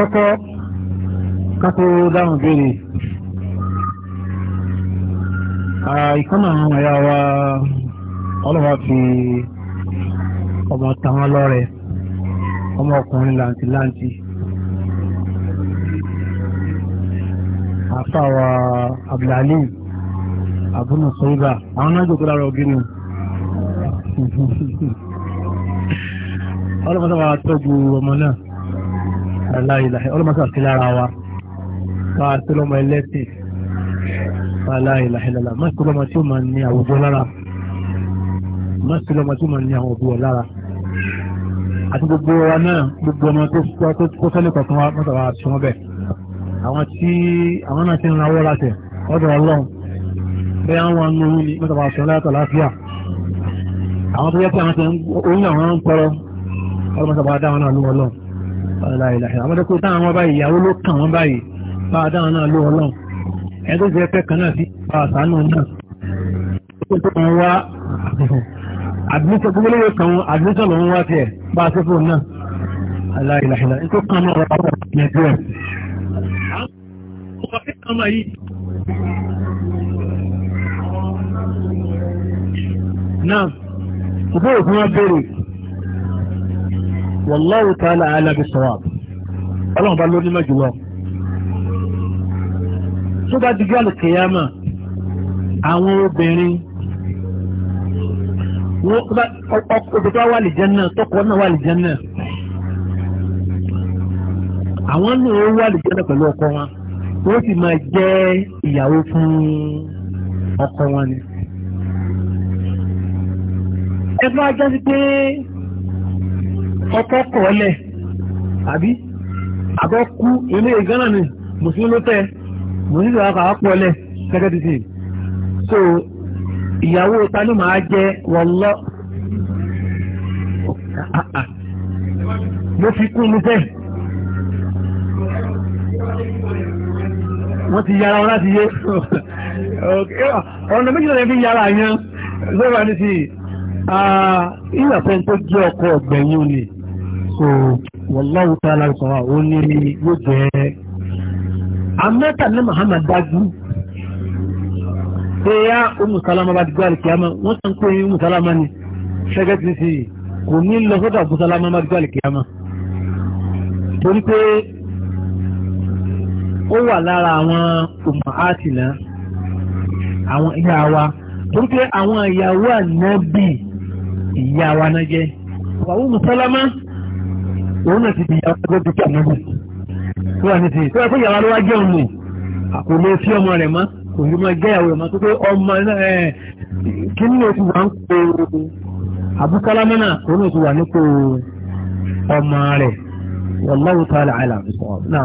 àkọ́kọ́ kátó dáhùn béèrè ìkànnà àwọn ẹ̀yà wa ọlọ́wà fi ọmọ tàwọn lọ́rẹ̀ ọmọ ọkùnrin làǹtìláǹtì àfàwà abdulhali abunu sọ́yìnbà àwọn náà jòkó lára ọ̀gínú ọlọ́wà tó ju ọmọ náà aláìláì ọlọ́mọsá sí lára wa bá a tó lọ́mọ ẹlẹ́sìn aláìláì lọ́la má sí lọ́mọ tí ó máa ní àwùjọ lára má sí lọ́mọ tí ó máa ní àwọn òbí ẹ̀ lára àti gbogbo wa náà gbogbo ọmọ tó kó sẹ́lẹ̀ kọ̀ọ̀kan wa mọ́tò wa sí wọn bẹ̀ àwọn tí àwọn náà ti ń rawọ́ láti ọ̀dọ̀ ọlọ́run bẹ́ẹ̀ àwọn ọmọ òun ni mọ́tò wa sọ láyàtọ̀ láfíà àwọn tó yẹ kí àwọn tó ń oyún àwọn ń tọrọ ọlọ́mọsá aláìláì àwọn tó kó táwọn wọn báyìí ìyàwó ló kàn wọn báyìí bá a dáhùn náà ló ọlọ́run ẹ tó jẹ pẹ́ kan náà sí bá a sàánù náà ó tó wọn wá àdúgbò gbogbo lóye kan wọn àdúgbò lòun wá tiẹ̀ bá a tó fóun náà aláìláì láì tó kàn náà wọ́n wọ́n ọmọ kan wallahu ta'ala a'la bis-sawab ọlọ́run bá lórí mọ́ jùlọ tó bá dijú àlùkìyàmà àwọn obìnrin obìnrin tó wà lè jẹ́ náà tọkọ náà wà lè jẹ́ náà àwọn náà wà lè jẹ́ pẹ̀lú ọkọ wọn wọ́n sì máa jẹ́ ìyàwó fún ọkọ wọn ni. ẹ bá jẹ́ sí pé. ọkọ̀ kọ̀ọ́lẹ̀ àbí àkọ́kú ilé ìgánà ni mùsùlùmí ló tẹ́ mùsùlùmí ló kà á pọ̀ọ́lẹ̀ gẹ́gẹ́ títì so ìyàwó ta ló máa jẹ́ wọ́lọ́ mo fi kún mi tẹ́ wọ́n ti yára wọn láti yé ọ̀nà méjìlá yára yẹn lọ́wọ́ ti ìyàfẹ́ tó jẹ́ ọkọ̀ ọ̀gbẹ̀yìn ni. so wàláwù tá a la sọ àwọn onírí yóò jẹ́ amẹ́ta ní Muhammad dájú pé yá umusalama bá dìgbà àlìkíyàmá wọ́n sàn pé umusalama ni ṣẹ́gẹ́tì sí kò ní lọ sọ́dọ̀ àbúsalama bá dìgbà àlìkíyàmá torí pé ó wà lára àwọn umahatina àwọn ìyá torí pé àwọn ìyàwó ànábì ìyá náà jẹ́ wàhùn musalama. òun náà ti di ìyàwó tó ti kí tó wà ní tó yẹ kó ìyàwó alówá jẹun nù kò lè fi ọmọ rẹ̀ mọ́ kò lè máa jẹ́ rẹ̀ mọ́ tó pé ọmọ ẹ̀ kí ni o ti wà ń po àbúkálámọ́ náà òun náà ti wà ní ọmọ rẹ̀ wallahu ta'ala àìlà náà.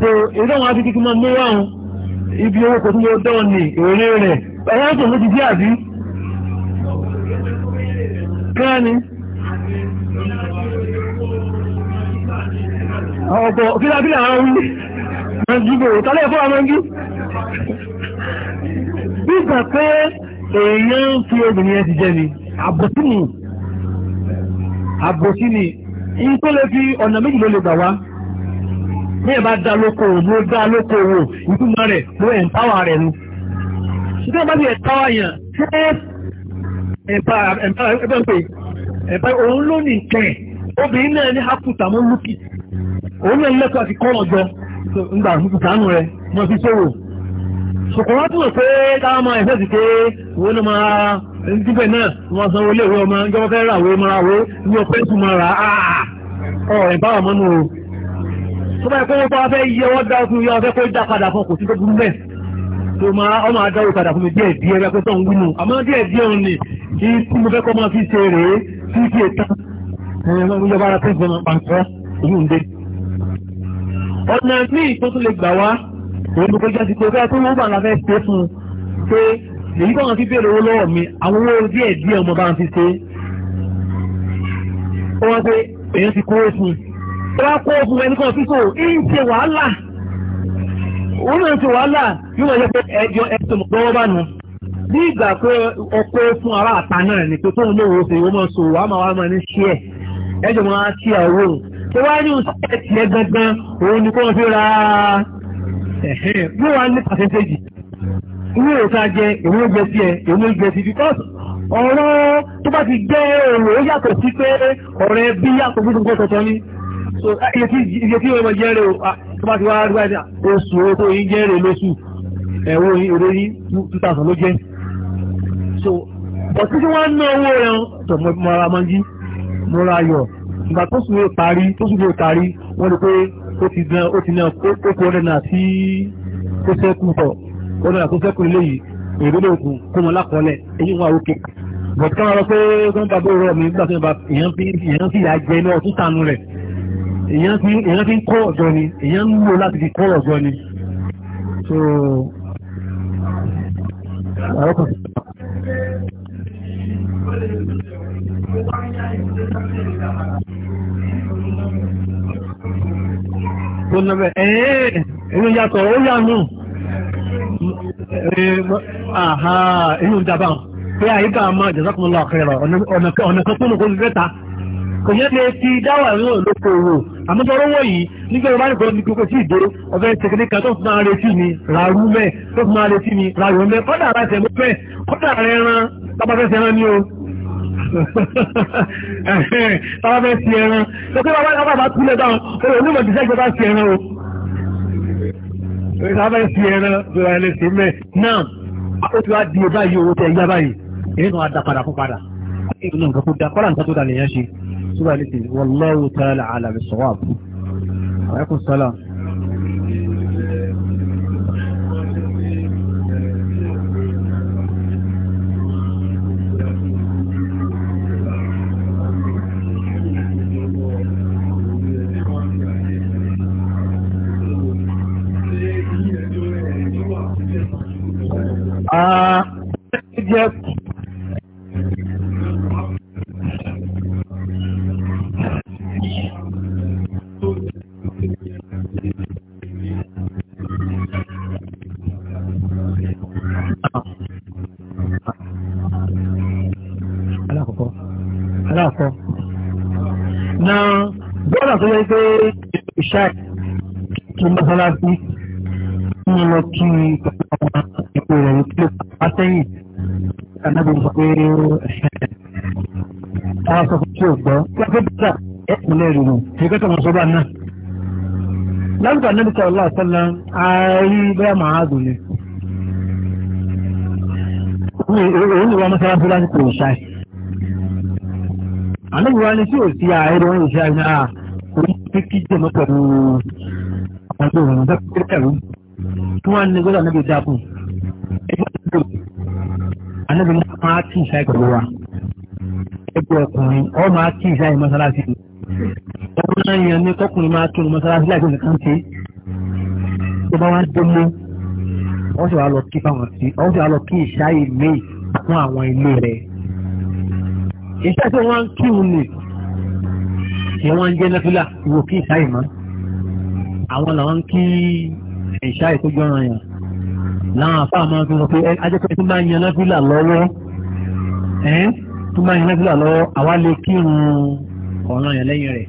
so èdè àwọn akíkí máa mú wáhùn ibi owó kò tún lọ dán ní èrè rẹ̀ ọ̀rọ̀ tó ló ti dí àbí kíláàni ọ̀pọ̀ kíláàbílà àwọn wí mẹ́jìgbò tálẹ̀ fún àmọ́jú bí ìgbà pé èèyàn ń fi obìnrin ẹ ti jẹ ni àbòsí ni àbòsí ni ìyí tó lè fi ọ̀nà méjì ló lè gbà wá bí ẹ bá dá lókòwò mo dá lókòwò ìtumọ̀ rẹ̀ mo ẹ̀ǹpáwà rẹ̀ nu. ṣùgbọ́n bá ti ẹ̀ǹpáwà yàn ṣé ẹ̀ǹpá ẹ̀ǹpá ẹ̀ǹpá ẹ̀ǹpá òun ló ní nǹkan ẹ̀ obìnrin náà ní hakuta mo lùkì òun náà lẹ́kọ̀ọ́ àti kọ́ ọ̀jọ́ ńgbà ìtànù rẹ̀ mo fi ṣòwò. ṣùkùnrin wọn túnbọ̀ pé táwọn máa ẹ̀fẹ́ sì pé òun náà máa níbẹ̀ náà wọ́n sanwó ilé ìwé ọmọ ìjọba fẹ́ ràwé máa wé ní ọpẹ́ tún máa rà á ọ̀ ẹ̀ǹpáwà mọ́nu o tó báyìí kówó tó wá fẹ́ yẹ wọ́n dá fún yọ fẹ́ kó dá padà fún kò sí tó burú bẹ́ẹ̀ tó máa ọ máa dáwó padà fún mi díẹ̀ díẹ̀ bẹ́ẹ̀ pé tó ń wínú àmọ́ díẹ̀ díẹ̀ òun ni kí tí mo fẹ́ kọ́ máa fi ṣe rèé tí kì í tán ẹ̀yìn ọmọ ìjọba ara tó ń fọmọ pàǹtọ́ èyí ń dé. ọ̀nà míì tó tún lè gbà wá òun ló kọjá sí pé ọ̀gá tó wọ́n bá la fẹ́ ṣe fún un pé èyí tó wọn fi béèrè owó lọ́wọ́ mi àwọn owó díẹ̀ díẹ̀ ọmọ bá ń fi ṣe. ó wá pé ti kówó fún un wọ́n kó ogun ẹni kan fífò ń ṣe wàhálà òun náà ṣe wàhálà yóò wọ́n yẹ pé ẹjọ́ ẹ̀sùn lọ́wọ́ bá nù ní ìgbà pé ọkọ̀ fún ara àta náà ní pé tóun lówó ṣe ìwọ́n máa sòwò àmọ́ wa máa ní ṣí ẹ̀ ẹjọ́ máa ṣí ẹ̀ owó tó ní oṣù ẹ̀tì ẹ̀ gangan òun ni kó wọ́n fi ra yóò wá ní pàṣẹ́sẹ́jì ìwé òta jẹ èmi ó jẹ sí ẹ èmi ó jẹ sí because ọ̀rọ̀ tó bá ti jẹ́ èrò ó yàtọ̀ sí pé ọ̀rẹ́ bí yàtọ̀ fún nǹkan tuntun ni Ah, iye tí ọmọ jẹ́rẹ̀ o ah, tó bá ti wá rí báyìí oṣù owó tó yí jẹ́rẹ̀ lóṣù ẹ̀wọ́ èrè ní 2000 ló jẹ́ so bọ̀tí tí wọ́n ń ná owó rẹ̀ tó mọ ara máa ń jí mo ra ayọ̀ ìgbà tó sùn lè parí tó sùn lè parí wọ́n rí pé ó ti gan ó ti náà ó kó ọ̀rẹ́ náà tí ó sẹ́kù tọ̀ ọ̀rẹ́ náà tó sẹ́kù léyìí èrè lóògùn kó wọn lákọọ́lẹ̀ èyí wọn àwòkè bọ̀tí káwọn lọ pé gbọ́n bàbá òwúrọ̀ mi nígbà tó yẹn bá èèyàn fi ìyá jẹ ní ọ̀tún sànú rẹ̀ èyàn fi ń kọ́ ọ̀jọ́ ni èyàn ń lò láti fi kọ́ ọ̀jọ́ ni so àrọ́kọ̀ tó lọ́bẹ̀ ẹ̀ẹ́ inú yàtọ̀ ó yànú àhà inú dábà pé àyíká máa jẹ́ sọ́kùnrin lọ́kẹ̀rọ ọ̀nà kan tó lọ́kọ́ fẹ́ta kò yẹ lè fi dáwà náà lóko owó àmúgbọ́rọ́wọ́ yìí nígbà wọn bá nìkan ní kókó sí ìdó ọ̀fẹ́ tẹkínìkan tó fi máa retí mi ràrú mẹ́ tó fi máa retí mi ràrú mẹ́ kọ́dà ara ẹsẹ̀ mú fẹ́ kọ́dà ara ẹran tábàfẹ́sẹ̀ ẹran ni o tábàfẹ́sẹ̀ ẹran tó pé bàbá bá kú lẹ́dọ̀ olùmọ̀ tí sẹ́gbẹ́ bá sí ẹran o tábàfẹ́sẹ̀ ẹran tó ra ẹlẹ́sìn mẹ́ náà ó ti wá di ọba yìí owó tẹ̀ yá báyìí èyí náà á fún padà èyí náà nǹkan tó dá kọ́lá nǹkan tó dá lè yẹn ṣe الصبح والله تعالى على بالصواب عليكم السلام ṣáà kí mọ́sálásí ní lọ kí ọmọ ìpò rẹ̀ yìí kí ó pa sẹ́yìn anábì sọ pé àwọn sọ fún tí ò gbọ́ lábẹ́ bíjà ẹ̀kúnlẹ̀ rẹ̀ rẹ̀ kí kẹ́kọ̀ọ́ mọ̀ sọ́bà náà. lásìkò anábì sọ̀rọ̀ láàṣọ́lá ààrí bẹ́ẹ̀ máa dùn ni. òun pé kí jẹ̀mọ́ pẹ̀lú àwọn tó rọrùn fẹ́ pẹ̀lú tó wá ní gbọ́dọ̀ níbi dáàbò ẹgbẹ́ tó anábì máa kí ìṣá ìpẹ̀lú wa ẹgbẹ́ ọkùnrin ọ máa kí ìṣá ìmọ̀ mọ́sálásí ọkùnrin náà yẹn ní kọkùnrin máa kí ìmọ̀ mọ́sálásí láti nìkan ṣe tó bá wá dé mú wọ́n sì wá lọ kí fáwọn sí wọ́n sì wá lọ kí ìṣá ìmí fún àwọn ilé rẹ̀ ìṣá tí wọ́n ń kí ni wọ́n ń jẹ́ nẹ́fílà wò kí ìṣá ìmọ̀ àwọn làwọn ń kí ìṣá ìkójọ́ ọ̀ràn yàn láwọn àfáà máa fi wọn pé ajẹ́pẹ́ tó máa ń yan nẹ́fílà lọ́wọ́ tó máa ń yan nẹ́fílà lọ́wọ́ àwa lè kírun ọ̀ràn yàn lẹ́yìn rẹ̀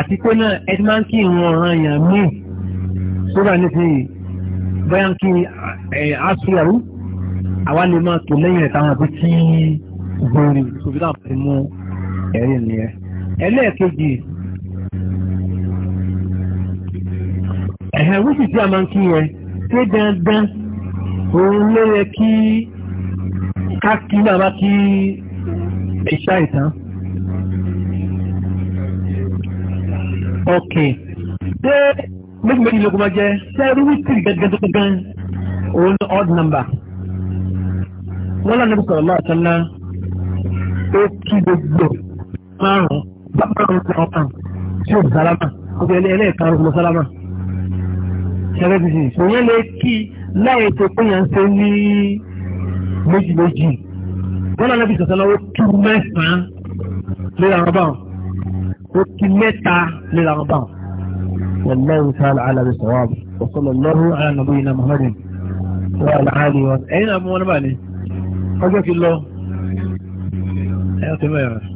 àti pé náà ẹ ti máa ń kírun ọ̀ràn yàn míì sódà nísìnyí bóyá ń kí asúlẹ̀rú àwa lè máa tò lẹ́yìn rẹ̀ táwọn àbí tí gbòòrì tòbí táwọn àti mú ẹ̀rí nìyẹn ẹlẹ́ẹ̀kejì ẹ̀hẹ̀ wíṣì tí a máa ń kí yẹn pé dandan òun ló yẹ kí ká kí náà bá kí ìṣá ìtàn. ok ṣé méjì méjì ló kó máa jẹ ṣé rí òun ní odd number wọ́n lánàá bí sọ̀rọ̀ láàtọ́ náà ó kí gbogbo márùn-ún márùn-ún ti ọ̀kan tí ó sálámà ó fi ẹlẹ́ẹ̀kan ló sálámà ṣẹlẹ̀ ti sìn ṣòyẹn lè kí láyé tó pé yẹn ń ṣe ní méjì méjì wọn mẹ́sàn-án léra wọn báwọn ó kí mẹ́ta léra wọn báwọn. والله تعالى على بالصواب وصلى الله على نبينا محمد وعلى آله وصحبه أين أبو ونبالي؟ حاجة الله أيها